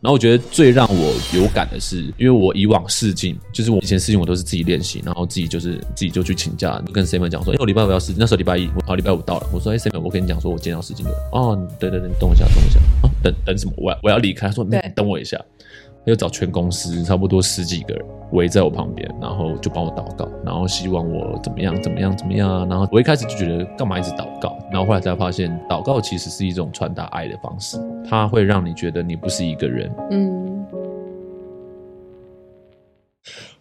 然後我覺得最讓我有感的是，因為我以往試鏡，就是我以前試鏡我都是自己練習，然後自己就是自己就去請假，跟 Simon 講說，因、欸、為我禮拜五要試鏡，那時候禮拜一，我好，禮拜五到了，我說哎，Simon，、欸、我跟你講說，我今天要試鏡的。哦，對對對，等我一下，等我一下啊，等等什麼，我要我要離開，他說，你等我一下。又找全公司差不多十幾個人圍在我旁邊，然後就幫我禱告，然後希望我怎麼樣怎麼樣怎麼樣啊。然後我一開始就覺得幹嘛一直禱告，然後後來才發現，禱告其實是一種傳達愛的方式，它會讓你覺得你不是一個人。嗯。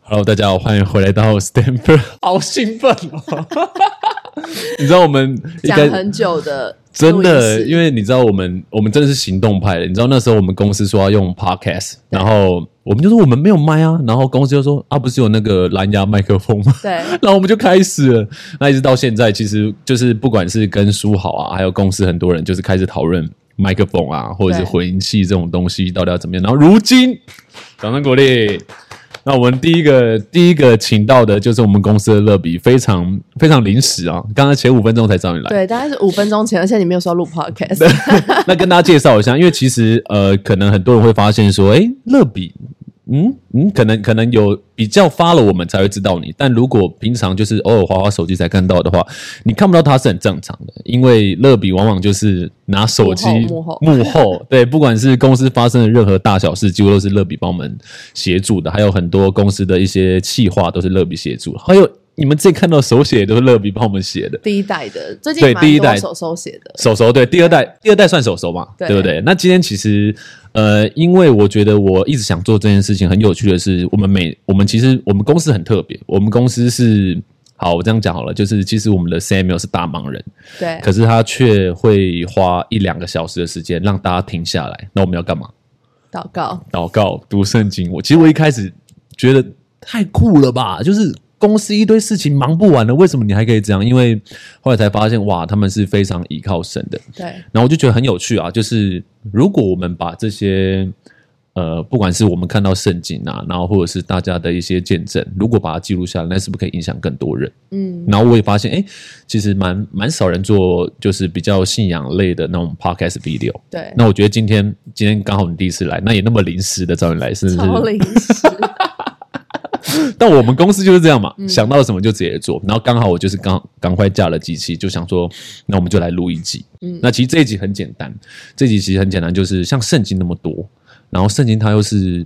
Hello，大家好，歡迎回來到 STANDTALK，好興奮哦！ 你知道我們講很久的。真的，因為你知道，我們我們真的是行動派的。你知道那時候我們公司說要用 Podcast，對然後我們就說我們沒有麥啊。然後公司就說啊，不是有那個藍牙麥克風嗎？對， 然後我們就開始了。那一直到現在，其實就是不管是跟書豪啊，還有公司很多人，就是開始討論麥克風啊，或者是混音器這種東西到底要怎麼樣。對然後如今，掌聲鼓勵。那我們第一個第一個請到的就是我們公司的樂筆，非常非常臨時啊，剛剛前五分鐘才找你來。對，大概是五分鐘前，而且你沒有說錄 Podcast。 那跟大家介紹一下，因為其實呃，可能很多人會發現說，哎，樂筆。嗯嗯，可能可能有比較 follow，我們才會知道你。但如果平常就是偶爾滑滑手機才看到的話，你看不到他是很正常的。因為樂筆往往就是拿手機幕後幕後對，不管是公司發生的任何大小事，幾乎都是樂筆幫我們協助的，還有很多公司的一些企劃都是樂筆協助。還有。你們自己看到手寫都是樂筆幫我們寫的，第一代的，最近對手手寫的，手熟對第二代，第二代算手熟嘛？對，對不對？那今天其實，呃，因為我覺得我一直想做這件事情，很有趣的是，我們每我們其實我們公司很特別，我們公司是好，我這樣講好了，就是其實我們的 CMO 是大忙人，對，可是他卻會花一兩個小時的時間讓大家停下來，那我們要幹嘛？禱告，禱告，讀聖經。我其實我一開始覺得太酷了吧，就是。公司一堆事情忙不完了，為什麼你還可以這樣？因為後來才發現，哇，他們是非常依靠神的。對。然後我就覺得很有趣啊，就是如果我們把這些，呃，不管是我們看到聖經啊，然後或者是大家的一些見證，如果把它記錄下來，那是不是可以影響更多人？嗯。然後我也發現，哎，其實蠻蠻少人做，就是比較信仰類的那種 podcast video 對。那我覺得今天今天剛好你第一次來，那也那麼臨時的找你來，是不是？臨時。 但我們公司就是這樣嘛，嗯、想到什麼就直接做。然後剛好我就是剛剛快架了機器，就想說，那我們就來錄一集。嗯、那其實這一集很簡單，這一集其實很簡單，就是像聖經那麼多。然後聖經它又是，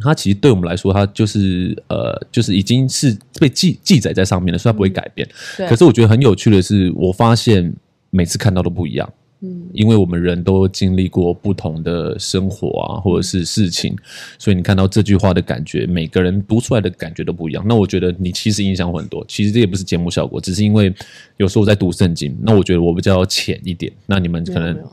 它其實對我們來說，它就是呃，就是已經是被記記載在上面了，所以它不會改變。嗯、對。可是我覺得很有趣的是，我發現每次看到都不一樣。嗯，因為我們人都經歷過不同的生活啊，或者是事情，嗯、所以你看到這句話的感覺，每個人讀出來的感覺都不一樣。那我覺得你其實影響很多，其實這也不是節目效果，只是因為有時候我在讀聖經。那我覺得我比較淺一點，那你們可能沒有，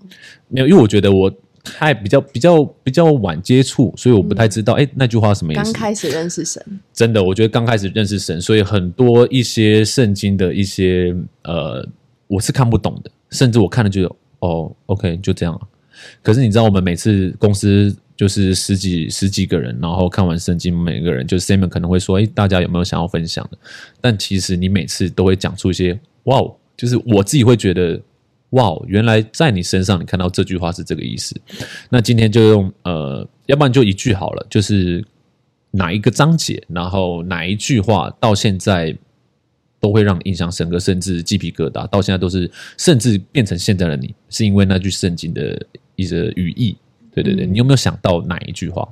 沒有，因為我覺得我太比較比較比較晚接觸，所以我不太知道哎、嗯、那句話什麼意思。剛開始認識神，真的，我覺得剛開始認識神，所以很多一些聖經的一些呃，我是看不懂的，甚至我看了就。有。哦，OK，就這樣了。可是你知道，我們每次公司就是十幾十幾個人，然後看完聖經，每個人就 Simon 可能會說：“哎，大家有沒有想要分享的？”但其實你每次都會講出一些“哇”，就是我自己會覺得“哇，原來在你身上你看到這句話是這個意思。”那今天就用呃，要不然就一句好了，就是哪一個章節，然後哪一句話到現在。都會讓你印象深刻，甚至雞皮疙瘩，到現在都是，甚至變成現在的你，是因為那句聖經的一個語義。對對對，你有沒有想到哪一句話？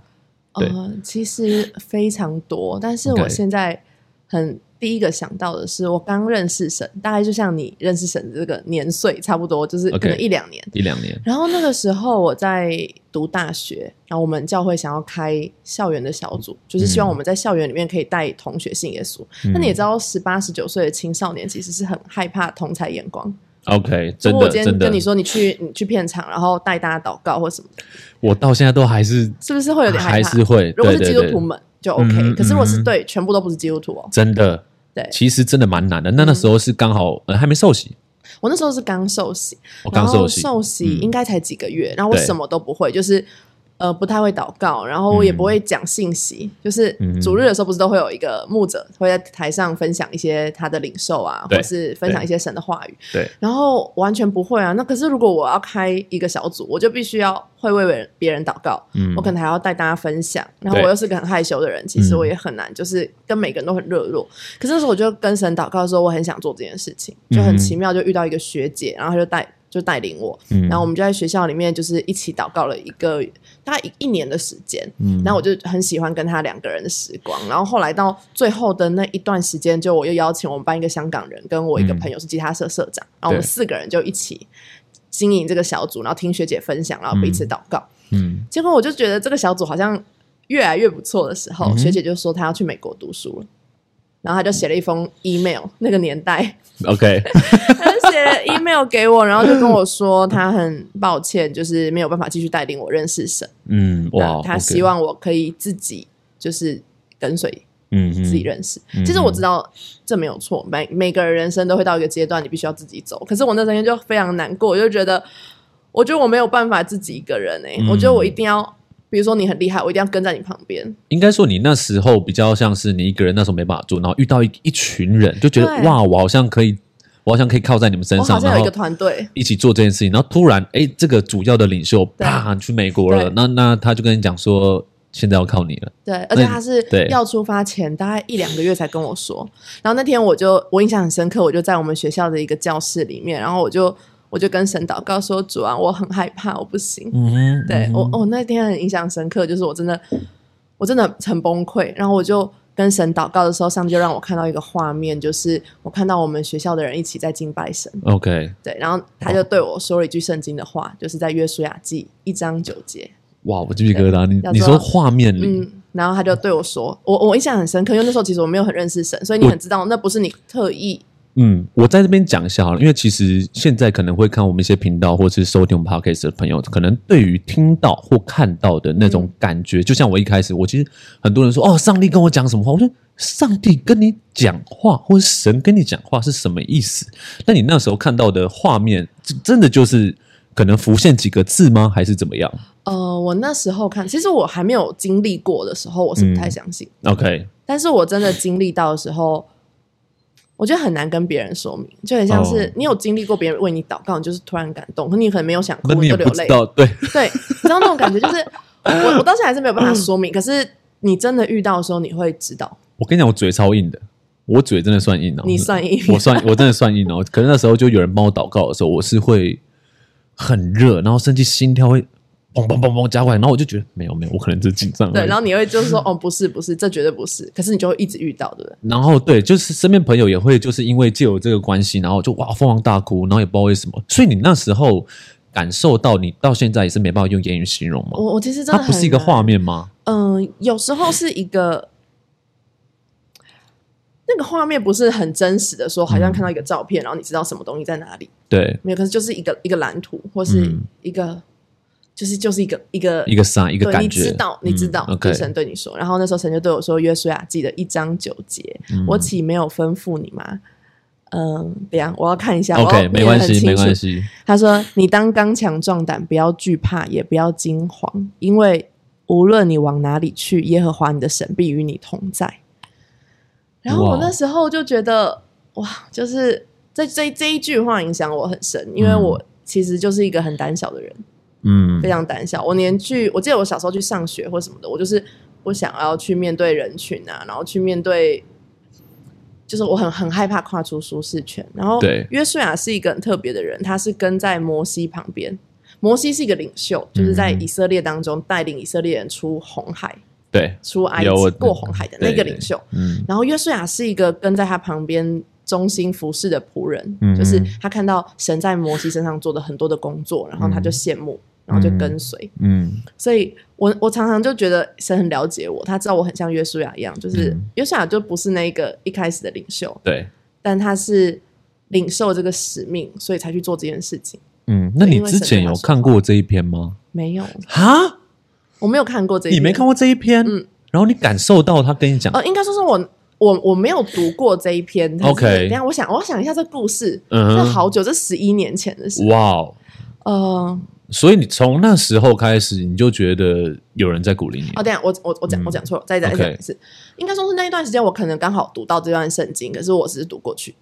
嗯、對呃，其實非常多，但是我現在很。Okay. 第一個想到的是，我剛認識神，大概就像你認識神的這個年歲，差不多就是可能一兩年。Okay, 一兩年。然後那個時候我在讀大學，然後我們教會想要開校園的小組，嗯、就是希望我們在校園裡面可以帶同學信耶穌。那、嗯、你也知道，十八十九歲的青少年其實是很害怕同儕眼光。OK，真的，如果我今天跟你說，你去你去片場，然後帶大家禱告或什麼的。我到現在都還是，是不是會有點害怕？還是會？對對對，如果是基督徒們就 OK，、嗯嗯、可是我是對全部都不是基督徒哦，真的。對，其實真的蠻難的。那那時候是剛好、嗯、呃還沒受洗，我那時候是剛受洗，我剛受洗，受洗應該才幾個月，嗯、然後我什麼都不會，對就是。呃，不太會禱告，然後我也不會講信息。嗯、就是主日的時候，不是都會有一個牧者、嗯、會在台上分享一些他的領受啊，對或是分享一些神的話語。對，對，然後完全不會啊。那可是如果我要開一個小組，我就必須要會為別人、別人禱告。嗯，我可能還要帶大家分享。嗯、然後我又是個很害羞的人，對其實我也很難，嗯、就是跟每個人都很熱絡。可是那時候我就跟神禱告說，我很想做這件事情。就很奇妙，就遇到一個學姐，嗯、然後她就帶。就帶領我，嗯、然後我們就在學校裡面就是一起禱告了一個大概一年的時間，嗯、然後我就很喜歡跟他兩個人的時光。然後後來到最後的那一段時間，就我又邀請我們班一個香港人跟我一個朋友是吉他社社長，嗯、然後我們四個人就一起經營這個小組，然後聽學姐分享，然後彼此禱告。結果、嗯嗯、我就覺得這個小組好像越來越不錯的時候，嗯、學姐就說她要去美國讀書了，然後她就寫了一封 email，那個年代，OK。 寫了 email 給我，然後就跟我說他很抱歉，就是沒有辦法繼續帶領我認識神。嗯，哇，他希望我可以自己就是跟隨，嗯，自己認識。嗯嗯、其實我知道這沒有錯，每每個人人生都會到一個階段，你必須要自己走。可是我那段時間就非常難過，我就覺得我覺得我沒有辦法自己一個人哎、欸，嗯、我覺得我一定要，比如說你很厲害，我一定要跟在你旁邊。應該說你那時候比較像是你一個人那時候沒辦法做，然後遇到一一群人就覺得對哇，我好像可以。我好像可以靠在你們身上，我好像有一個團隊一起做這件事情。然後突然，哎，這個主要的領袖對啪去美國了。對那那他就跟你講說，現在要靠你了。對，那而且他是要出發前對大概一兩個月才跟我說。然後那天我就我印象很深刻，我就在我們學校的一個教室裡面，然後我就我就跟神禱告說：主啊，我很害怕，我不行。”嗯，對我我、哦、那天很印象深刻，就是我真的我真的很崩潰，然後我就。跟神禱告的時候，上帝就讓我看到一個畫面，就是我看到我們學校的人一起在敬拜神。OK，對，然後他就對我說了一句聖經的話，好就是在約書亞記一章九節。哇，我雞皮疙瘩！對你做你說畫面嗯。然後他就對我說，我我印象很深刻，因為那時候其實我沒有很認識神，所以你很知道我 那不是你特意。嗯，我在這邊講一下哈，因為其實現在可能會看我們一些頻道或者是收聽我們 Podcast 的朋友，可能對於聽到或看到的那種感覺，嗯、就像我一開始，我其實很多人說，哦，上帝跟我講什麼話？我說，上帝跟你講話，或者神跟你講話是什麼意思？那你那時候看到的畫面，真的就是可能浮現幾個字嗎？還是怎麼樣？呃，我那時候看，其實我還沒有經歷過的時候，我是不太相信。嗯、OK，嗯、但是我真的經歷到的時候。我覺得很難跟別人說明，就很像是你有經歷過別人為你禱告，你就是突然感動，可、哦、你可能沒有想哭你知道就流淚，對對， 對你知道那種感覺就是， 我我到現在還是沒有辦法說明。嗯、可是你真的遇到的時候，你會知道。我跟你講，我嘴超硬的，我嘴真的算硬哦。你算硬，我算我真的算硬哦。 可是那時候就有人幫我禱告的時候，我是會很熱，然後甚至心跳會。嘣嘣嘣嘣加快，然後我就覺得沒有沒有，我可能就是緊張了。對，然後你會就是說， 哦，不是不是，這絕對不是，可是你就會一直遇到，對不對？然後對，就是身邊朋友也會就是因為借由這個關係，然後就哇瘋狂大哭，然後也不知道為什麼。所以你那時候感受到，你到現在也是沒辦法用言語形容嘛。我我其實真的它不是一個畫面嗎？嗯、呃，有時候是一個 那個畫面不是很真實的，說好像看到一個照片，嗯、然後你知道什麼東西在哪裡。對，沒有，可是就是一個一個藍圖或是一個。嗯就是就是一個一個一個傷一個感覺，你知道，你知道，神對你說。okay. 然後那時候神就對我說：“約書亞，記一章九節，嗯、我豈沒有吩咐你嗎？”嗯，對呀，我要看一下。OK，我要沒關係，沒關係。他說：“你當剛強壯膽，不要懼怕，也不要驚慌，因為無論你往哪裡去，耶和華你的神必與你同在。”然後我那時候就覺得，哇，哇，就是這這這一句話影響我很深，因為我其實就是一個很膽小的人。嗯嗯，非常膽小。我連去，我記得我小時候去上學或什麼的，我就是不想要去面對人群啊，然後去面對，就是我很很害怕跨出舒適圈。然後，約書亞是一個很特別的人，他是跟在摩西旁邊。摩西是一個領袖，就是在以色列當中帶領以色列人出紅海，對，出埃及過紅海的那個領袖。對對對，嗯，然後約書亞是一個跟在他旁邊忠心服侍的僕人，嗯嗯，就是他看到神在摩西身上做的很多的工作，然後他就羨慕。嗯然後就跟隨，嗯，所以我我常常就覺得神很了解我，他知道我很像約書亞一樣，就是約書亞就不是那個一開始的領袖，對，但他是領受這個使命，所以才去做這件事情。嗯，那你之前有看過這一篇嗎？沒有哈，我沒有看過這一篇，你沒看過這一篇，嗯，然後你感受到他跟你講，呃，應該說是我我我沒有讀過這一篇，OK，等下我想我想一下這故事，這好久，這十一年前的事，哇，呃。所以你從那時候開始，你就覺得有人在鼓勵你。哦，等下，我我我講我講錯了，再再講一次。應該說是那一段時間，我可能剛好讀到這段聖經，可是我只是讀過去。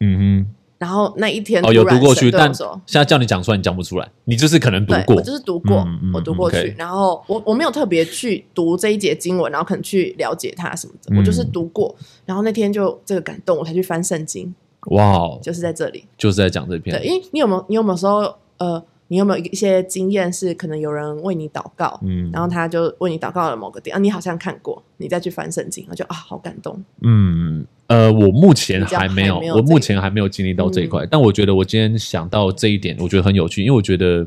嗯哼。然後那一天哦，有讀過去，但現在叫你講出來，你講不出來。你就是可能讀過，就是讀過，我讀過去。然後我我沒有特別去讀這一節經文，然後可能去了解它什麼的。我就是讀過。然後那天就這個感動，我才去翻聖經。哇，就是在這裡，就是在講這篇。對，因為你有沒有你有沒有說呃。你有沒有一些經驗是可能有人為你禱告，嗯，然後他就為你禱告了某個點啊，你好像看過，你再去翻聖經，我就啊，好感動。嗯，呃，我目前還沒有，沒有我目前還沒有經歷到這一塊。嗯，但我覺得我今天想到這一點，我覺得很有趣，因為我覺得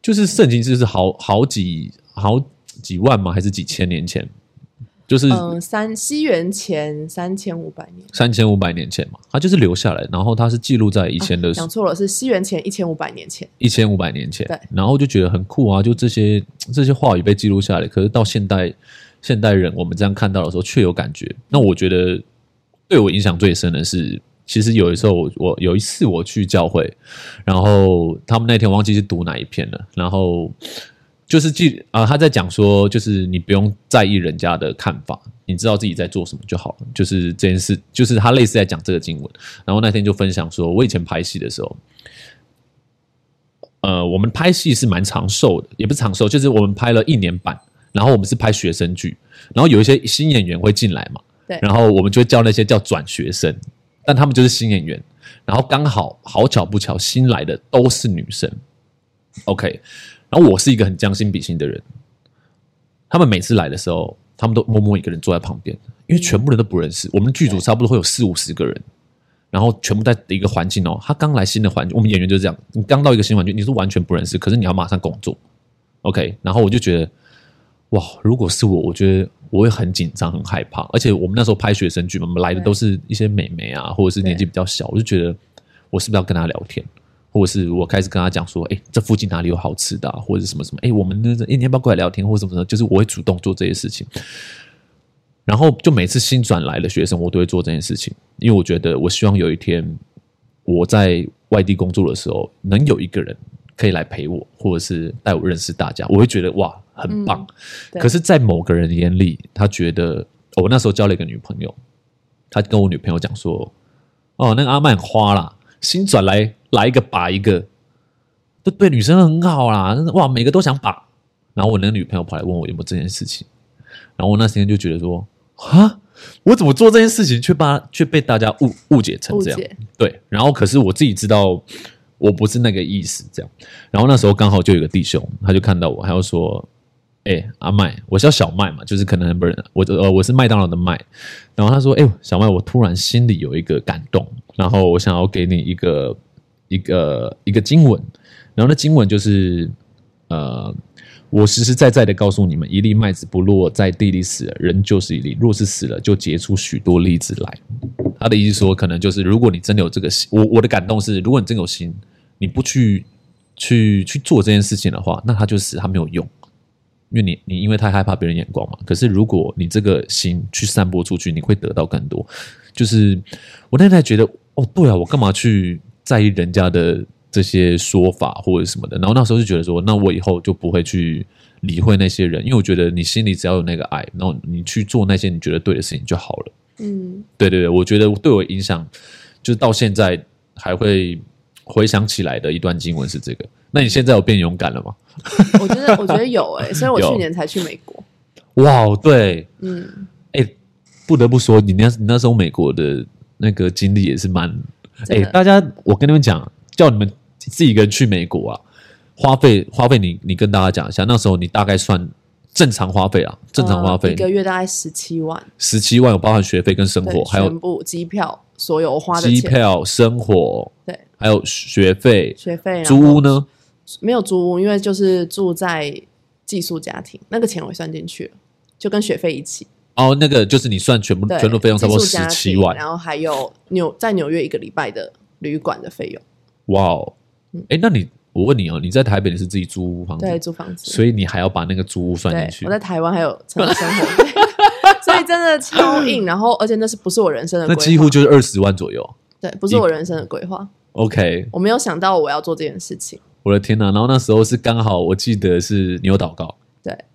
就是聖經是是好好幾好幾萬嗎？還是幾千年前？就是嗯，三西元前三千五百年，三千五百年前嘛，它就是留下來，然後它是記錄在以前的。啊、講錯了，是西元前一千五百年前，一千五百年前。對，然後就覺得很酷啊，就這些這些話語被記錄下來，可是到現代現代人，我們這樣看到的時候，卻有感覺。那我覺得對我影響最深的是，其實有一時候我，我有一次我去教會，然後他們那天忘記是讀哪一篇了，然後。就是記啊、呃，他在講說，就是你不用在意人家的看法，你知道自己在做什麼就好了。就是這件事，就是他類似在講這個經文。然後那天就分享說，我以前拍戲的時候，呃，我們拍戲是蠻長壽的，也不是長壽，就是我們拍了一年半。然後我們是拍學生劇，然後有一些新演員會進來嘛，對然後我們就叫那些叫轉學生，但他們就是新演員。然後剛好好巧不巧，新來的都是女生。OK。然後我是一個很將心比心的人，他們每次來的時候，他們都默默一個人坐在旁邊，因為全部人都不認識。我們劇組差不多會有四五十個人，然後全部在一個環境哦。他剛來新的環境，我們演員就是這樣，你剛到一個新環境，你是完全不認識，可是你要馬上工作。OK，然後我就覺得，哇，如果是我，我覺得我會很緊張、很害怕。而且我們那時候拍學生劇嘛，我們來的都是一些美眉啊，或者是年紀比較小，我就覺得我是不是要跟他聊天？或者是我開始跟他講說，誒、欸、這附近哪裡有好吃的啊，或者什麼什麼，誒、欸、我們呢，一年半過來聊天，或者什麼什麼，就是我會主動做這些事情。然後，就每次新轉來的學生，我都會做這件事情，因為我覺得我希望有一天我在外地工作的時候，能有一個人可以來陪我，或者是帶我認識大家，我會覺得哇，很棒。嗯、可是，在某個人的眼裡，他覺得我、哦、那時候交了一個女朋友，他跟我女朋友講說，哦，那個阿曼花啦。」新轉來，來一個把一個，都對女生很好啦。哇，每個都想把。然後我那女朋友跑來問我有沒有這件事情。然後我那時間就覺得說，啊，我怎麼做這件事情，卻把卻被大家誤誤解成這樣。誤解。對，然後可是我自己知道我不是那個意思，這樣。然後那時候剛好就有個弟兄，他就看到我，他就說，哎、欸，阿麥，我叫小麥嘛，就是可能不能，我呃我是麥當勞的麥。然後他說，哎、欸，小麥，我突然心裡有一個感動。然後我想要給你一個一個一個經文，然後那經文就是呃，我實實在在的告訴你們：一粒麥子不落在地裡死了，人就是一粒；若是死了，就結出許多粒子來。他的意思說，可能就是如果你真有這個心，我我的感動是，如果你真有心，你不去去去做這件事情的話，那他就死，他沒有用，因為你你因為太害怕別人眼光嘛。可是如果你這個心去散播出去，你會得到更多。就是我那時候覺得，哦，對啊，我幹嘛去在意人家的這些說法或者什麼的？然後那時候就覺得說，那我以後就不會去理會那些人，因為我覺得你心裡只要有那個愛，然後你去做那些你覺得對的事情就好了。嗯，對對對，我覺得對我影響，就是到現在還會回想起來的一段經文是這個。那你現在有變勇敢了嗎？我覺得，我覺得有哎、欸，所以我去年才去美國。哇，對，嗯。不得不說，你那，你那時候美國的那個經歷也是蠻……哎、的、欸，大家，我跟你們講，叫你們自己一個人去美國啊，花費花費你，你你跟大家講一下，那時候你大概算正常花費啊，正常花費，呃、一個月大概十七萬，十七萬有包含學費跟生活，對還有全部機票，所有花的機票、生活，對，還有學費，學費，租屋後呢？沒有租屋，因為就是住在寄宿家庭，那個錢我也算進去了，就跟學費一起。然後、哦、那個就是你算全部對全部費用差不多十七萬，然後還有紐在紐約一個禮拜的旅館的費用。哇哦 Wow.、嗯，哎、欸，那你我問你哦、喔，你在台北你是自己租房子，對，租房子，所以你還要把那個租屋算進去。我在台灣還有撐生活費，所以真的超硬。然後，而且那是不是我人生的規劃？那幾乎就是二十萬左右。對，不是我人生的規劃。OK，我沒有想到我要做這件事情。我的天哪、啊！然後那時候是剛好，我記得是你有禱告。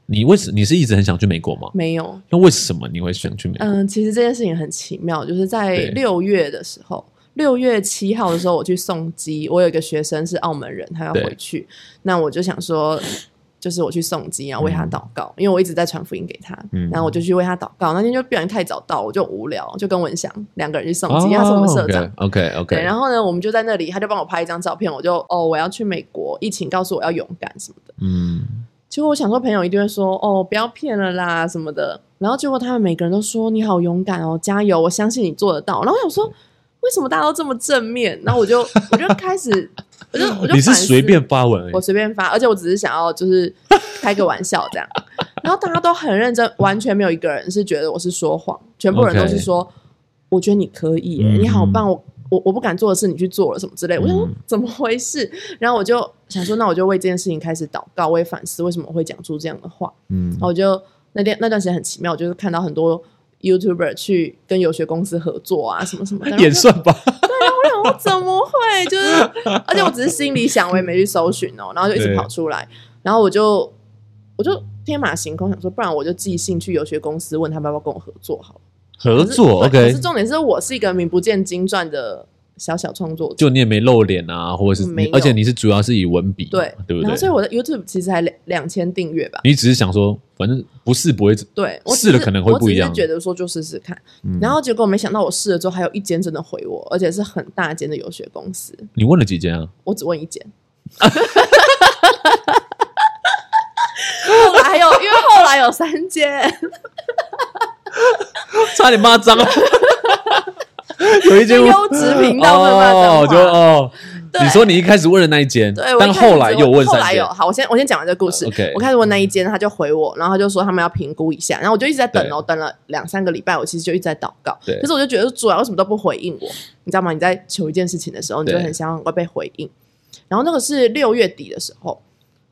你為什麼你是一直很想去美國嗎？沒有。那為什麼你會想去美國？嗯、呃，其實這件事情很奇妙，就是在六月的時候，六對月七號的時候，我去送機，我有一個學生是澳門人，他要回去，對那我就想說，就是我去送機啊，然後為他禱告，嗯、因為我一直在傳福音給他，嗯、然後我就去為他禱告。那天就不然太早到，我就無聊，就跟文祥兩個人去送機，oh, 他是我們社長。OK OK, okay.。然後呢，我們就在那裡，他就幫我拍一張照片，我就哦，我要去美國，疫情告訴我要勇敢什麼的。嗯。其實我想說，朋友一定會說：“哦，不要騙了啦，什麼的。”然後結果他們每個人都說：“你好勇敢哦，加油，我相信你做得到。”然後我想說，為什麼大家都這麼正面？然後我就我就開始， 我就我就你是隨便發文，我隨便發，而且我只是想要就是開個玩笑這樣。 然後大家都很認真，完全沒有一個人是覺得我是說謊，全部人都是說：“ Okay. 我覺得你可以欸，嗯嗯你好棒！”我。我我不敢做的事，你去做了什麼之類，我想說怎麼回事？嗯，然後我就想說，那我就為這件事情開始禱告，我也反思為什麼我會講出這樣的話。嗯，然後我就那天那段時間很奇妙，我就是看到很多 YouTuber 去跟遊學公司合作啊，什麼什麼的。也算吧。對呀，我想我怎麼會 就是，而且我只是心裡想，我也沒去搜尋哦， 然後就一直跑出來，對然後我就我就天馬行空想說，不然我就寄信去遊學公司問他要不要跟我合作好了，好。合作，OK。可是重點是，我是一個名不見經傳的小小創作者，就你也沒露臉啊，或者是，而且你是主要是以文筆，對，對不對？然後所以我的 YouTube 其實還兩千訂閱吧。你只是想說，反正不是不會，對，試了可能會不一樣，我覺得說就試試看。然後結果沒想到，我試了之後還有一間真的回我，而且是很大間的遊學公司。你問了幾間啊？我只問一間。後來有，因為後來有三間。差點罵髒了，有一間優質頻道的，我就哦，你說你一開始問的那一間，但後來又問，後來有好，我先我先講完這故事。我開始問那一間，他就回我，然後他就說他們要評估一下，然後我就一直在等哦，等了兩三個禮拜，我其實就一直在禱告，可是我就覺得主要為什麼都不回應我，你知道嗎？你在求一件事情的時候，你就很想會被回應，然後那個是六月底的時候。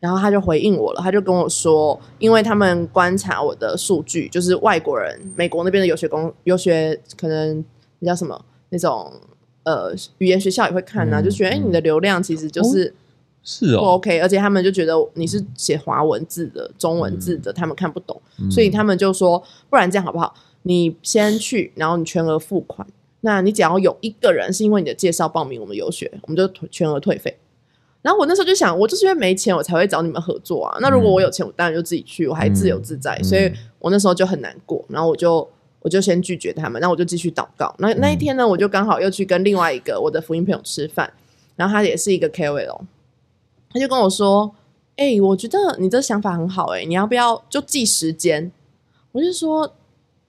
然後他就回應我了，他就跟我說，因為他們觀察我的數據，就是外國人、美國那邊的遊學公遊學，可能那叫什麼那種呃語言學校也會看呢、啊，嗯、就覺得哎、嗯、你的流量其實就是是不 OK，、哦是哦、而且他們就覺得你是寫華文字的、嗯、中文字的，他們看不懂，嗯、所以他們就說，不然這樣好不好？你先去，然後你全額付款，那你只要有一個人是因為你的介紹報名，我們遊學，我們就全額退費。然後我那時候就想，我就是因為沒錢，我才會找你們合作啊。那如果我有錢，嗯、我當然就自己去，我還自由自在。嗯、所以，我那時候就很難過。然後我就我就先拒絕他們，然後我就繼續禱告。那那一天呢，我就剛好又去跟另外一個我的福音朋友吃飯，然後他也是一個 KOL 哦。他就跟我說：“哎、欸，我覺得你這想法很好、欸，哎，你要不要就記時間？”我就說。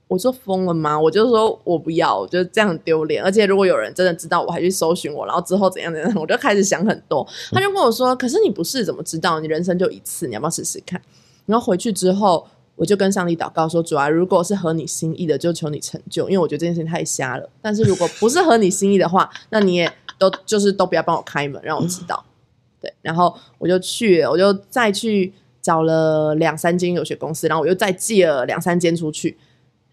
我就瘋了嗎？我就說我不要，我就這樣丟臉。而且如果有人真的知道我還去搜尋我，然後之後怎樣怎樣，我就開始想很多。他就跟我說：“可是你不試怎麼知道？你人生就一次，你要不要試試看？”然後回去之後，我就跟上帝禱告說：“主啊，如果是合你心意的，就求你成就。因為我覺得這件事情太瞎了。但是如果不是合你心意的話， 那你也都就是都不要幫我開門，讓我知道。對。然後我就去了，我就再去找了兩三間遊學公司，然後我又再寄了兩三間出去。”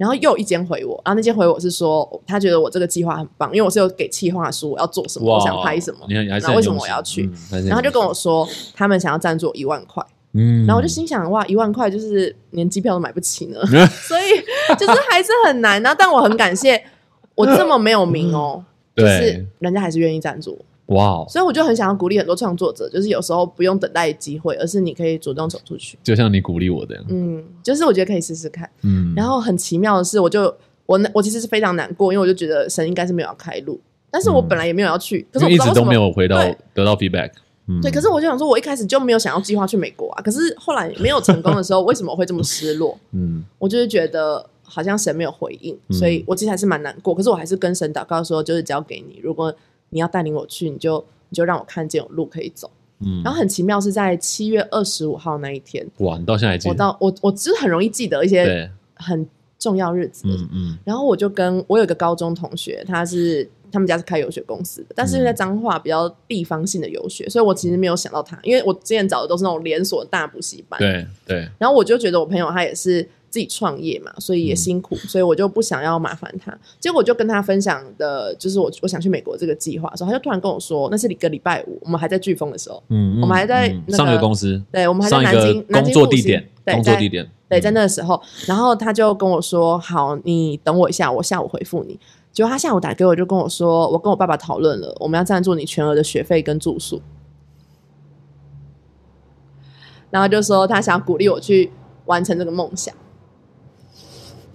然後又有一間回我，然後那間回我是說，他覺得我這個計劃很棒，因為我是有給企劃書，我要做什麼，哇我想拍什麼，然後為什麼我要去，嗯、然後就跟我說，他們想要贊助一萬塊，嗯、然後我就心想的話，哇，一萬塊就是連機票都買不起呢，嗯、所以就是還是很難呢。 然後但我很感謝，我這麼沒有名哦， 對就是人家還是願意贊助我。哇！Wow 所以我就很想要鼓勵很多創作者，就是有時候不用等待機會，而是你可以主動走出去。就像你鼓勵我的樣。嗯，就是我覺得可以試試看。嗯，然後很奇妙的是我，我就我我其實是非常難過，因為我就覺得神應該是沒有要開路，但是我本來也沒有要去，可是我一直都沒有回到對得到 feedback。嗯、對，可是我就想說，我一開始就沒有想要計劃去美國啊，可是後來沒有成功的時候， 為什麼會這麼失落？嗯，我就是覺得好像神沒有回應，所以我其實還是蠻難過。可是我還是跟神禱告說，就是交給你。如果你要帶領我去，你就你就讓我看見有路可以走。嗯，然後很奇妙是在七月二十五號那一天。哇，你到現在還記得？我到我我其實很容易記得一些很重要日子。嗯嗯。然後我就跟我有一個高中同學，他是他們家是開遊學公司的，但是在彰化比較地方性的遊學，嗯、所以我其實沒有想到他，因為我之前找的都是那種連鎖大補習班。對對。對然後我就覺得我朋友他也是。自己創業嘛，所以也辛苦，嗯、所以我就不想要麻煩他。結果我就跟他分享的，就是我我想去美國這個計劃的時候，他就突然跟我說：“那是一個禮拜五，我們還在颶風的時候，嗯，我們還在、那個、上一個公司，對，我們還在南京工作地點，南京復興、工作地點、對,、嗯、對，在那個時候，然後他就跟我說：‘好，你等我一下，我下午回覆你。’結果他下午打給我，就跟我說：‘我跟我爸爸討論了，我們要贊助你全額的學費跟住宿。’然後就說他想鼓勵我去完成這個夢想。”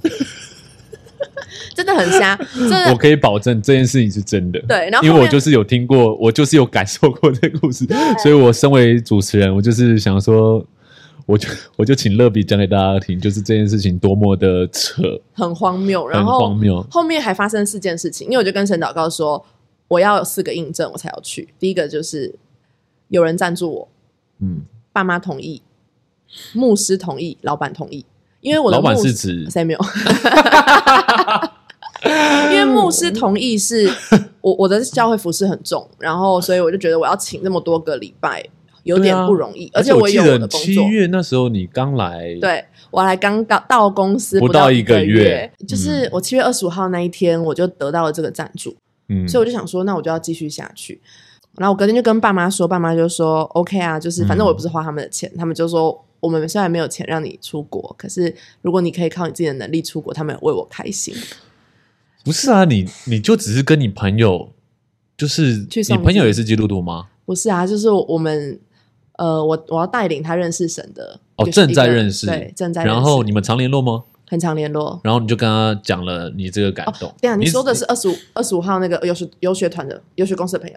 真的很瞎，我可以保證這件事情是真的。對，然後後因為我就是有聽過，我就是有感受過這個故事，對所以我身為主持人，我就是想說，我就我就請樂筆講給大家聽，就是這件事情多麼的扯，很荒謬，然後很荒謬後面還發生四件事情，因為我就跟神禱告說，我要有四個印證我才要去。第一個就是有人贊助我，嗯，爸媽同意，牧師同意，老板同意。因為我的老闆是牧師 Samuel， 因為牧師同意是我我的教會服侍很重，然後所以我就覺得我要請那麼多個禮拜有點不容易，而且我記得七月那時候你剛來，對，我還剛到到公司不到一個月，就是我七月二十五號那一天我就得到了這個贊助，嗯，所以我就想說那我就要繼續下去，然後我隔天就跟爸媽說，爸媽就說 OK 啊，就是反正我也不是花他們的錢，他們就說。我們雖然沒有錢讓你出國，可是如果你可以靠你自己的能力出國，他們為我開心。不是啊，你你就只是跟你朋友，就是你朋友也是基督徒嗎？不是啊，就是我們，呃，我我要帶領他認識神的。哦，個正，正在認識，對，正在認識。然後你們常聯絡嗎？很常聯絡。然後你就跟他講了你這個感動。對啊、哦，你,是你說的是二十五二十五號那個遊學遊學團的遊學公司的朋友。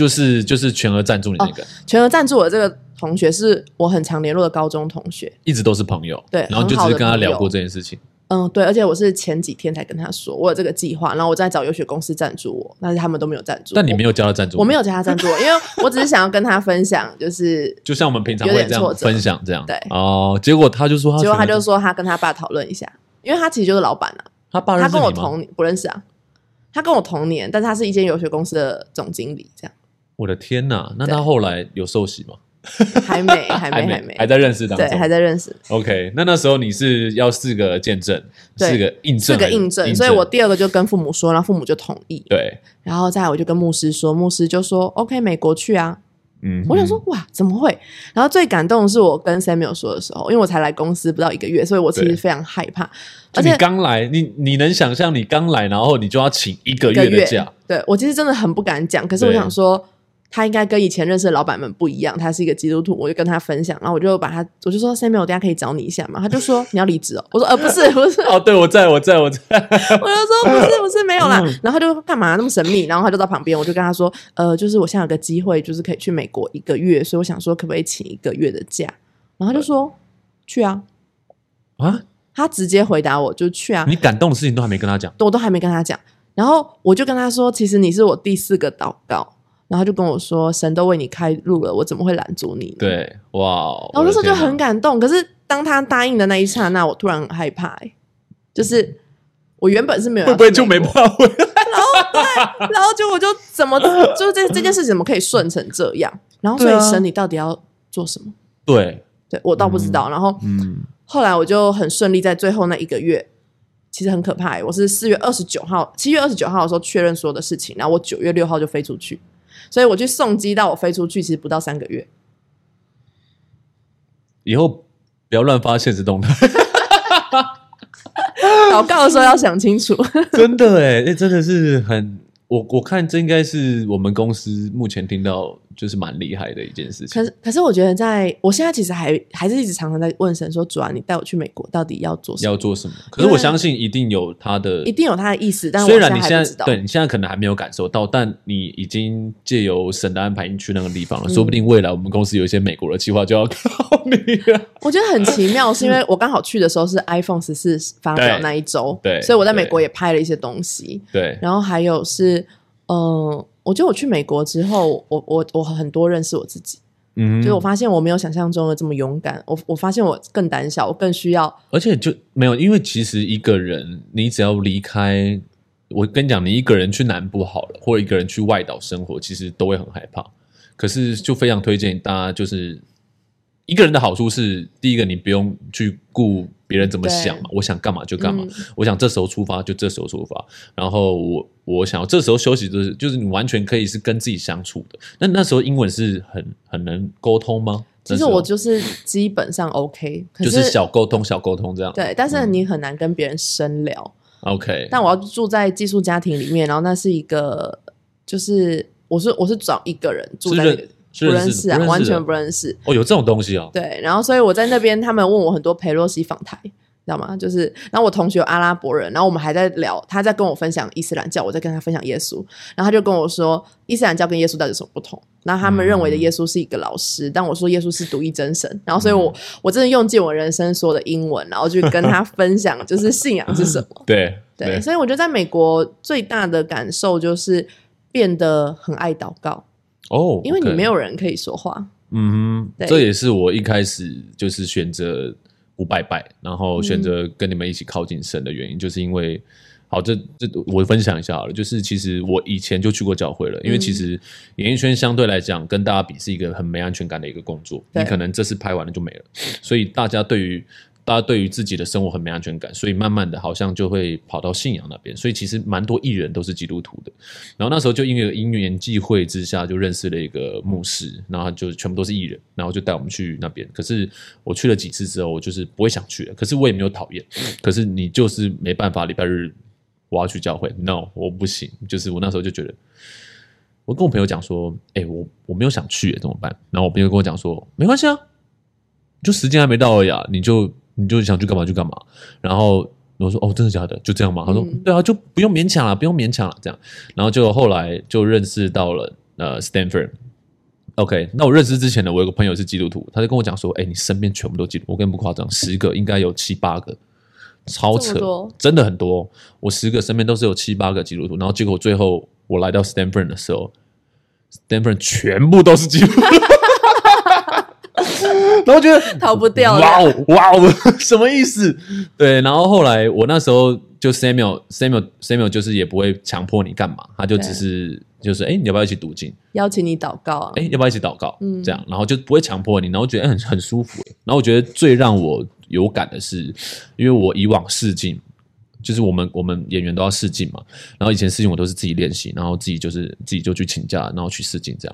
就是就是全額贊助你那個，oh, 全額贊助我的這個同學是我很常聯絡的高中同學，一直都是朋友。對，然後就只是跟他聊過這件事情。嗯，對，而且我是前幾天才跟他說我有這個計劃，然後我在找遊學公司贊助我，但是他們都沒有贊助。但你沒有叫他贊助我我？我沒有叫他贊助我，因為我只是想要跟他分享，就是 就像我們平常會這樣分享這樣。對哦，結果他就說他，結果他就說他跟他爸討論一下，因為他其實就是老闆了啊。他爸他跟我同年，不認識啊，他跟我同年，但是他是一間遊學公司的總經理，這樣。我的天吶，那他後來有受洗嗎？還沒，還沒，還沒，還在認識當中。對，還在認識。OK，那那時候你是要四個見證，四個印證，四個印證。所以我第二個就跟父母說，然後父母就同意。對，然後再來我就跟牧師說，牧師就說 OK，美國去啊。嗯，我想說哇，怎麼會？然後最感動的是我跟 Samuel 說的時候，因為我才來公司不到一個月，所以我其實非常害怕。而且剛來，你你能想象你剛來，然後你就要請一個月的假？對，我其實真的很不敢講，可是我想說。他應該跟以前認識的老闆們不一樣，他是一個基督徒，我就跟他分享，然後我就把他，我就說：“Samuel，我等下可以找你一下嘛。”他就說：“ 你要離職哦。”我說：“呃，不是，不是哦，oh, 對我在，我在我在。 ”我就說：“不是，不是， 沒有啦。”然後他就幹嘛那麼神秘？然後他就到旁邊，我就跟他說：“呃，就是我現在有個機會，就是可以去美國一個月，所以我想說，可不可以請一個月的假？” 然後他就說：“去啊啊！” What? 他直接回答我就去啊。你感動的事情都還沒跟他講，我都還沒跟他講。然後我就跟他說：“其實你是我第四個禱告。”然後就跟我說：“神都為你開路了，我怎麼會攔住你呢？”對，哇！然後我那時候就很感動。啊、可是當他答應的那一剎那，我突然很害怕、欸。就是我原本是沒有，會不會就沒回來然後，對 然後就我就怎麼都就這 這件事怎麼可以順成這樣？然後，所以神，你到底要做什麼？對，對我倒不知道。嗯、然後，嗯、後來我就很順利，在最後那一個月，其實很可怕、欸。我是四月二十九號，七月二十九號的時候確認所有的事情，然後我九月六號就飛出去。所以我去送機，到我飛出去其實不到三個月。以後不要亂發限時動態，禱告的時候要想清楚。真的誒這、 欸、真的是很。我我看這應該是我們公司目前聽到就是蠻厲害的一件事情。可是可是，可是我覺得在我現在其實還還是一直常常在問神說：“主啊，你帶我去美國到底要做什麼要做什麼？”可是我相信一定有他的，一定有他的意思。但雖然你現在對你現在可能還沒有感受到，但你已經借由神的安排，你去那個地方了。嗯，說不定未來我們公司有一些美國的計劃就要靠你了。我覺得很奇妙，是因為我剛好去的時候是 iPhone 十四發表那一週，對，所以我在美國也拍了一些東西，對，然後還有是。嗯、呃，我覺得我去美國之後，我我我很多認識我自己，嗯，就我發現我沒有想象中的這麼勇敢，我我發現我更膽小，我更需要，而且就沒有，因為其實一個人，你只要離開，我跟你講，你一個人去南部好了，或者一個人去外島生活，其實都會很害怕，可是就非常推薦大家就是。一個人的好處是，第一個你不用去顧別人怎麼想嘛，對我想幹嘛就幹嘛，嗯、我想這時候出發就這時候出發，然後我我想要這時候休息就是就是你完全可以是跟自己相處的。那那時候英文是很很能溝通嗎？其實我就是基本上 OK，是就是小溝通小溝通這樣。對，但是你很難跟別人深聊。嗯、OK，但我要住在寄宿家庭裡面，然後那是一個就是我是我是找一個人住在、那個。不認識啊，不認識的。完全不認識。哦，有這種東西哦、啊。對，然後所以我在那邊，他們問我很多裴洛西訪台，你知道嗎？就是，然後我同學有阿拉伯人，然後我們還在聊，他在跟我分享伊斯蘭教，我在跟他分享耶穌，然後他就跟我說伊斯蘭教跟耶穌到底有什麼不同？那他們認為的耶穌是一個老師，嗯、但我說耶穌是獨一真神。然後，所以我、嗯、我真的用盡我人生說的英文，然後去跟他分享，就是信仰是什麼？ 對對，對，所以我覺得在美國最大的感受就是變得很愛禱告。哦，oh, okay. 因為你沒有人可以說話。嗯哼，對這也是我一開始就是選擇不拜拜，然後選擇跟你們一起靠近神的原因，嗯、就是因為，好，這這我分享一下好了，就是其實我以前就去過教會了，嗯、因為其實演藝圈相對來講跟大家比是一個很沒安全感的一個工作，對你可能這次拍完了就沒了，所以大家對於。大家對於自己的生活很沒安全感，所以慢慢的好像就會跑到信仰那邊。所以其實蠻多藝人都是基督徒的。然後那時候就因為因緣際會之下，就認識了一個牧師，然後他就全部都是藝人，然後就帶我們去那邊。可是我去了幾次之後，我就是不會想去了。可是我也沒有討厭。可是你就是沒辦法，禮拜日我要去教會，no，我不行。就是我那時候就覺得，我跟我朋友講說，哎、欸，我我沒有想去，怎麼辦？然後我朋友跟我講說，沒關係啊，就時間還沒到呀，你就。你就想去幹嘛就幹嘛，然後我說哦真的假的就這樣嘛？嗯、他說對啊，就不用勉強了，不用勉強了這樣。然後就後來就認識到了呃 STANDTALK。OK，那我認識之前呢，我有個朋友是基督徒，他就跟我講說，哎、欸，你身邊全部都基督，我跟你不誇張，十個應該有七八個，超扯，真的很多。我十個身邊都是有七八個基督徒，然後結果最後我來到 STANDTALK 的時候，STANDTALK 全部都是基督徒。 然後覺得逃不掉，哇哦哇哦，什麼意思？對，然後後來我那時候就 Samuel Samuel Samuel 就是也不會強迫你幹嘛，他就只是對就是哎、欸，你要不要一起讀經？邀請你禱告，啊。哎、欸，要不要一起禱告？嗯，這樣，然後就不會強迫你。然後覺得、欸、很很舒服。然後我覺得最讓我有感的是，因為我以往試鏡。就是我們我們演員都要試鏡嘛，然後以前試鏡我都是自己練習，然後自己就是自己就去請假，然後去試鏡這樣，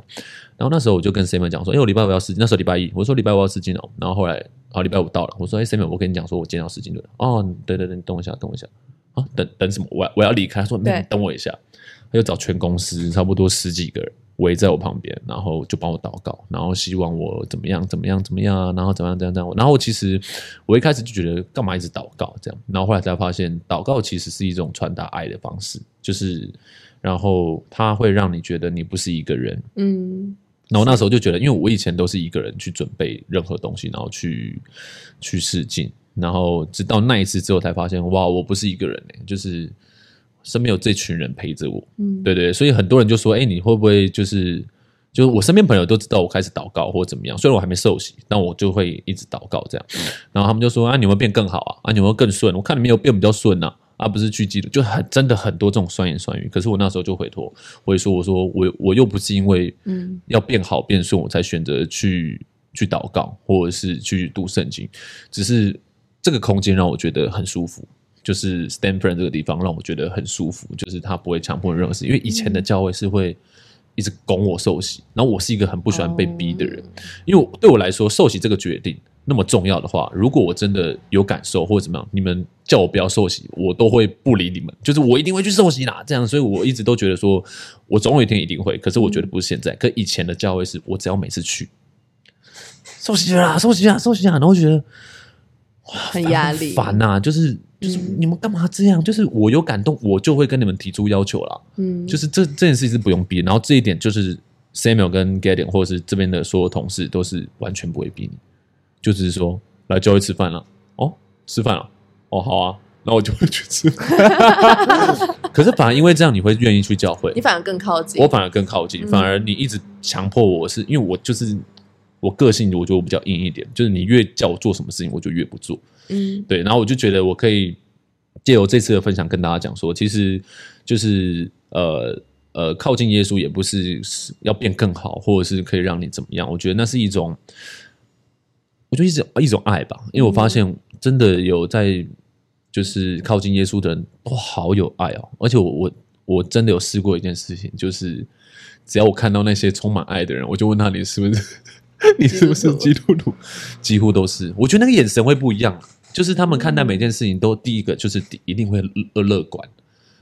然後那時候我就跟 Simon 講說，因為我禮拜五要試鏡，那時候禮拜一，我說禮拜五要試鏡哦。然後後來啊禮拜五到了，我說，哎 Simon，我跟你講說我今天要試鏡對了，哦對對對，你等我一下等我一下。啊等等什麼，我要我要離開，他說沒對等我一下，他就找全公司差不多十幾個人，圍在我旁邊，然後就幫我禱告，然後希望我怎麼樣怎麼樣怎麼樣，然後怎麼樣怎樣怎樣，然後其實我一開始就覺得幹嘛一直禱告這樣，然後後來才發現，禱告其實是一種傳達愛的方式，就是然後它會讓你覺得你不是一個人，嗯。然後我那時候就覺得，是因為我以前都是一個人去準備任何東西，然後去去試鏡，然後直到那一次之後才發現，哇，我不是一個人，欸，就是。身邊有這群人陪着我，嗯，對，對對，所以很多人就說，哎、欸，你會不會就是就是，我身邊朋友都知道我開始禱告或者怎麼樣，雖然我還沒受洗，但我就會一直禱告這樣。嗯、然後他們就說，啊，你會變更好啊？啊，你會更順？我看你有沒有變比較順啊，而、啊、不是去嫉妒，就很真的很多這種酸言酸語。可是我那時候就回頭，我也說我說我我又不是因為嗯要變好變順我才選擇去、嗯、去禱告或者是去讀聖經，只是這個空間讓我覺得很舒服。就是 stand for 這個地方讓我覺得很舒服，就是他不會強迫任何事。因為以前的教會是會一直拱我受洗，嗯、然後我是一個很不喜歡被逼的人。嗯、因為我對我來說，受洗這個決定那麼重要的話，如果我真的有感受或者怎麼樣，你們叫我不要受洗，我都會不理你們。就是我一定會去受洗啦，這樣。所以我一直都覺得說，我總有一天一定會。可是我覺得不是現在。嗯、可以前的教會是我只要每次去受洗啦，受洗啦、啊，受洗啦、啊啊、然後我覺得哇，很壓力，很煩吶、啊，就是。就是你們幹嘛這樣？就是我有感動，我就會跟你們提出要求了。嗯，就是這這件事情是不用逼。然後這一點就是 Samuel 跟 Gideon 或者是這邊的所有同事都是完全不會逼你，就只是說來教會吃飯了。哦，吃飯了。哦，好啊，那我就會去吃。 可是反而因為這樣，你會願意去教會？你反而更靠近，我反而更靠近。反而你一直強迫我是，是、嗯、因為我就是我個性，我覺得我比較硬一點。就是你越叫我做什麼事情，我就越不做。嗯，對，然後我就覺得我可以借由這次的分享跟大家講說，其實就是呃呃，靠近耶穌也不是要變更好，或者是可以讓你怎麼樣？我覺得那是一種，我就一種一種愛吧。因為我發現真的有在就是靠近耶穌的人都、嗯哦、好有愛哦，而且我我我真的有試過一件事情，就是只要我看到那些充滿愛的人，我就問他，你是不是你是不是基督、基、督基督徒？幾乎都是，我覺得那個眼神會不一樣。就是他們看待每件事情都第一個就是一定會樂樂觀，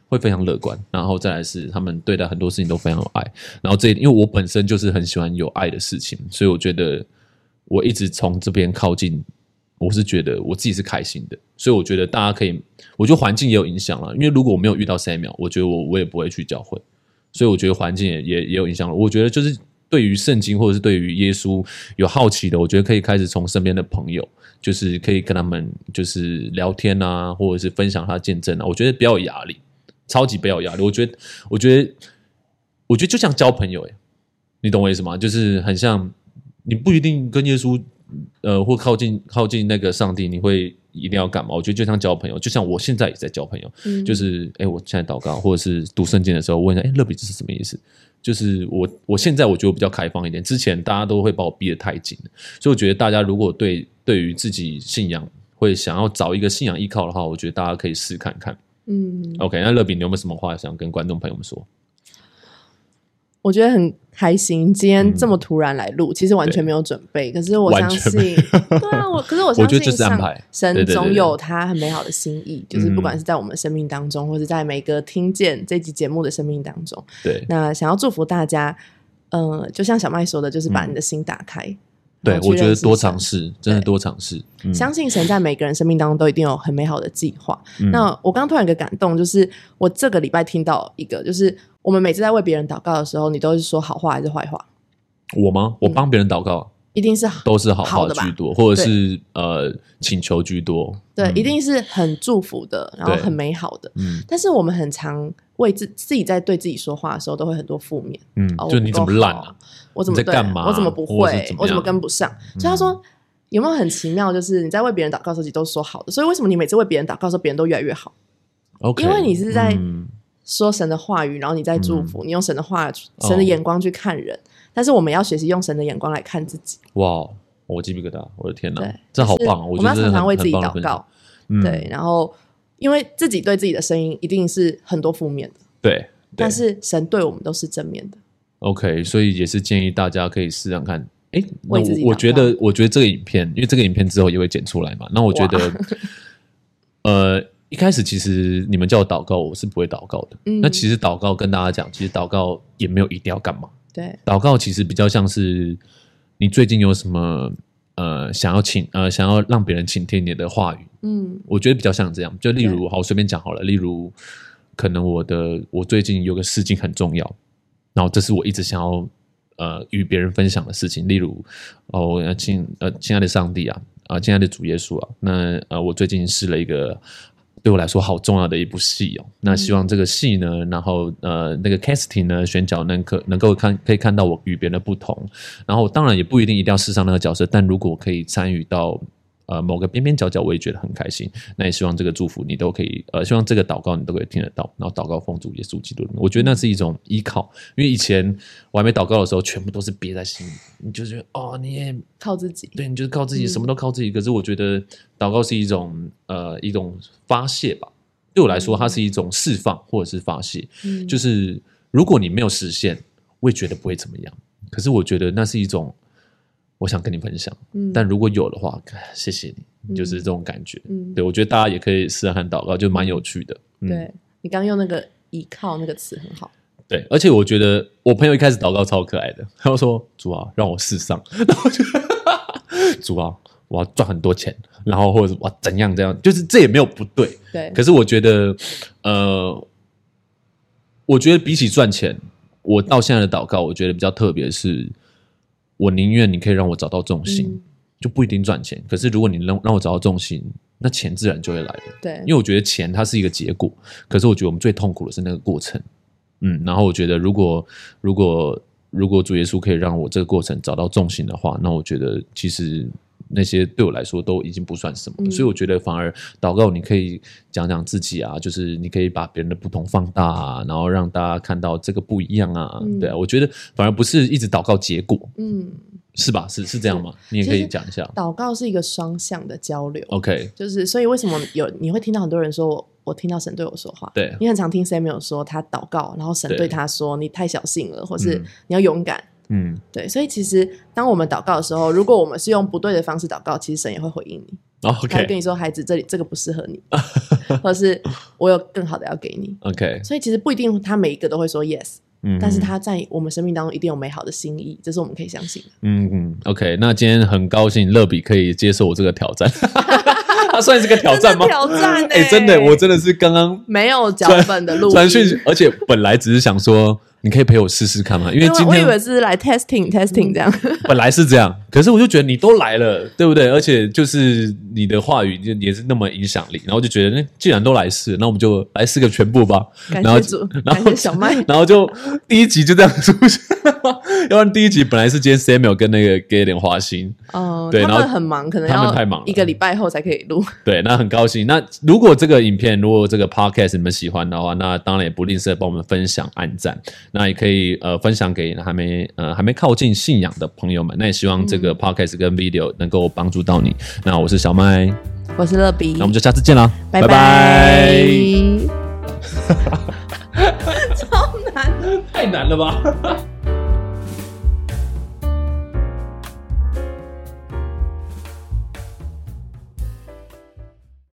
會非常樂觀，然後再來是他們對待很多事情都非常有愛。然後這一因為我本身就是很喜歡有愛的事情，所以我覺得我一直從這邊靠近，我是覺得我自己是開心的。所以我覺得大家可以，我覺得環境也有影響了。因為如果我沒有遇到 Samuel，我覺得我我也不會去教會。所以我覺得環境也也也有影響了。我覺得就是。對於聖經或者是對於耶穌有好奇的，我覺得可以開始從身邊的朋友，就是可以跟他們就是聊天啊，或者是分享他見證啊。我覺得不要有壓力，超級不要有壓力。我覺得，我覺得，我覺得就像交朋友哎，你懂我意思嗎？就是很像你不一定跟耶穌呃或靠近靠近那個上帝，你會一定要幹嘛？我覺得就像交朋友，就像我現在也在交朋友，嗯、就是哎，我現在禱告或者是讀聖經的時候，我問一下哎，樂筆這是什麼意思？就是我，我現在我覺得我比較開放一點。之前大家都會把我逼得太緊，所以我覺得大家如果對對於自己信仰會想要找一個信仰依靠的話，我覺得大家可以試看看。嗯，OK。那樂筆，你有沒有什麼話想跟觀眾朋友們說？我覺得很開心，今天這麼突然來錄，嗯、其實完全沒有準備。對可是我相信， 對啊，我可是我相信上神總有他很美好的心意，是對對對對就是不管是在我們的生命當中，嗯、或者在每個聽見這集節目的生命當中，對，那想要祝福大家，嗯、呃，就像小麥說的，就是把你的心打開。嗯對，我覺得多嘗試，真的多嘗試。對嗯、相信神在每個人生命當中都一定有很美好的計劃。嗯、那我剛剛突然有個感動，就是我這個禮拜聽到一個，就是我們每次在為別人禱告的時候，你都是說好話還是壞話？我嗎？我幫別人禱告，嗯、好，一定是都是好話居多，或者是對呃請求居多。對，嗯、一定是很祝福的，然後很美好的。嗯，但是我們很常。為自自己在對自己說話的時候，都會很多負面。嗯，就你怎麼爛啊？我怎麼在幹嘛？我怎麼不會？我怎麼跟不上？所以他說，有沒有很奇妙？就是你在為別人禱告自己都說好的。所以為什麼你每次為別人禱告時，別人都越來越好？因為你是在說神的話語，然後你在祝福，你用神的話、神的眼光去看人。但是我們要學習用神的眼光來看自己。哇，我雞皮疙瘩，我的天哪，這好棒！我們要常常為自己禱告。對，然後。因為自己對自己的聲音一定是很多負面的，對。對，但是神對我們都是正面的。OK，所以也是建議大家可以試想看，哎，那我自己，我覺得，我覺得這個影片，因為這個影片之後也會剪出來嘛。那我覺得，哇呃，一開始其實你們叫我禱告，我是不會禱告的。嗯，那其實禱告跟大家講，其實禱告也沒有一定要幹嘛。對，禱告其實比較像是你最近有什麼。呃，想要請呃，想要讓別人傾聽你的話語，嗯，我覺得比較像這樣。就例如，Okay. 好，我隨便講好了。例如，可能我的我最近有個事情很重要，然後這是我一直想要呃與別人分享的事情。例如，哦、啊，親，呃，親愛的上帝啊，啊，親愛的主耶穌啊，那呃，我最近試了一個。對我來說好重要的一部戲哦，那希望這個戲呢，嗯、然後呃，那個 casting 呢，選角能可能夠看可以看到我與別人的不同，然後當然也不一定一定要試上那個角色，但如果我可以參與到。呃，某個邊邊角角我也覺得很開心，那也希望這個祝福你都可以，呃，希望這個禱告你都可以聽得到。然後禱告奉主耶穌基督。我覺得那是一種依靠，因為以前我還沒禱告的時候，全部都是憋在心裡，你就覺得哦，你也靠自己，對你就是靠自己，嗯，什麼都靠自己。可是我覺得禱告是一種呃一種發洩吧，對我來說，它是一種釋放或者是發洩。嗯，就是如果你沒有實現，我也覺得不會怎麼樣。可是我覺得那是一種。我想跟你分享，嗯、但如果有的話，謝謝你，就是這種感覺。嗯嗯、對我覺得大家也可以試試看禱告，就蠻有趣的。對、嗯、你剛剛用那個依靠那個詞很好。對，而且我覺得我朋友一開始禱告超可愛的，他說主啊，讓我試上，然後就 主啊，我要賺很多錢，然後或者我怎樣怎樣，就是這也沒有不對。對，可是我覺得，呃，我覺得比起賺錢，我到現在的禱告，我覺得比較特別是。我寧願你可以讓我找到重心，嗯、就不一定賺錢。可是如果你能讓我找到重心，那錢自然就會來了。對，因為我覺得錢它是一個結果，可是我覺得我們最痛苦的是那個過程。嗯，然後我覺得如果如果如果主耶穌可以讓我這個過程找到重心的話，那我覺得其實。那些對我來說都已經不算什麼，嗯、所以我覺得反而禱告，你可以講講自己啊，就是你可以把別人的不同放大、啊，然後讓大家看到這個不一樣啊。嗯、對，啊，我覺得反而不是一直禱告結果，嗯，是吧？是是這樣嗎？是，你也可以講一下，禱告是一個雙向的交流。OK，就是所以為什麼有你會聽到很多人說我我聽到神對我說話，對，你很常聽 Samuel 說他禱告，然後神對他說，對你太小心了，或是你要勇敢。嗯嗯，對，所以其實當我們禱告的時候，如果我們是用不對的方式禱告，其實神也會回應你，哦 okay、他會跟你說：“孩子，這裡這個不適合你，或 是我有更好的要給你。Okay ” OK，所以其實不一定他每一個都會說 yes，嗯哼，但是他在我們生命當中一定有美好的心意，這是我們可以相信的。嗯嗯，OK，那今天很高興樂筆可以接受我這個挑戰， 他算是個挑戰嗎？挑戰哎、欸欸，真的，我真的是剛剛沒有腳本的錄，而且本來只是想說。 你可以陪我試試看嘛？因為今天我以為是來 testing testing 這樣。本來是這樣，可是我就覺得你都來了，對不對？而且就是你的話語就也是那麼影響力，然後就覺得，既然都來試，那我們就來試個全部吧。感謝主，然後感謝小麥。然後就第一集就這樣出現，要不然第一集本來是今天 Samuel 跟那個給一點花心哦，對、呃，他們很忙，可能要然他們太忙，一個禮拜後才可以錄。對，那很高興。那如果這個影片，如果這個 podcast 你們喜歡的話，那當然也不吝嗇幫我們分享、按讚。那也可以呃分享給還沒呃還沒靠近信仰的朋友們。那也希望這個 podcast 跟 video 能夠幫助到你。嗯、那我是小麥，我是樂筆，那我們就下次見啦，拜拜。超難，太難了吧？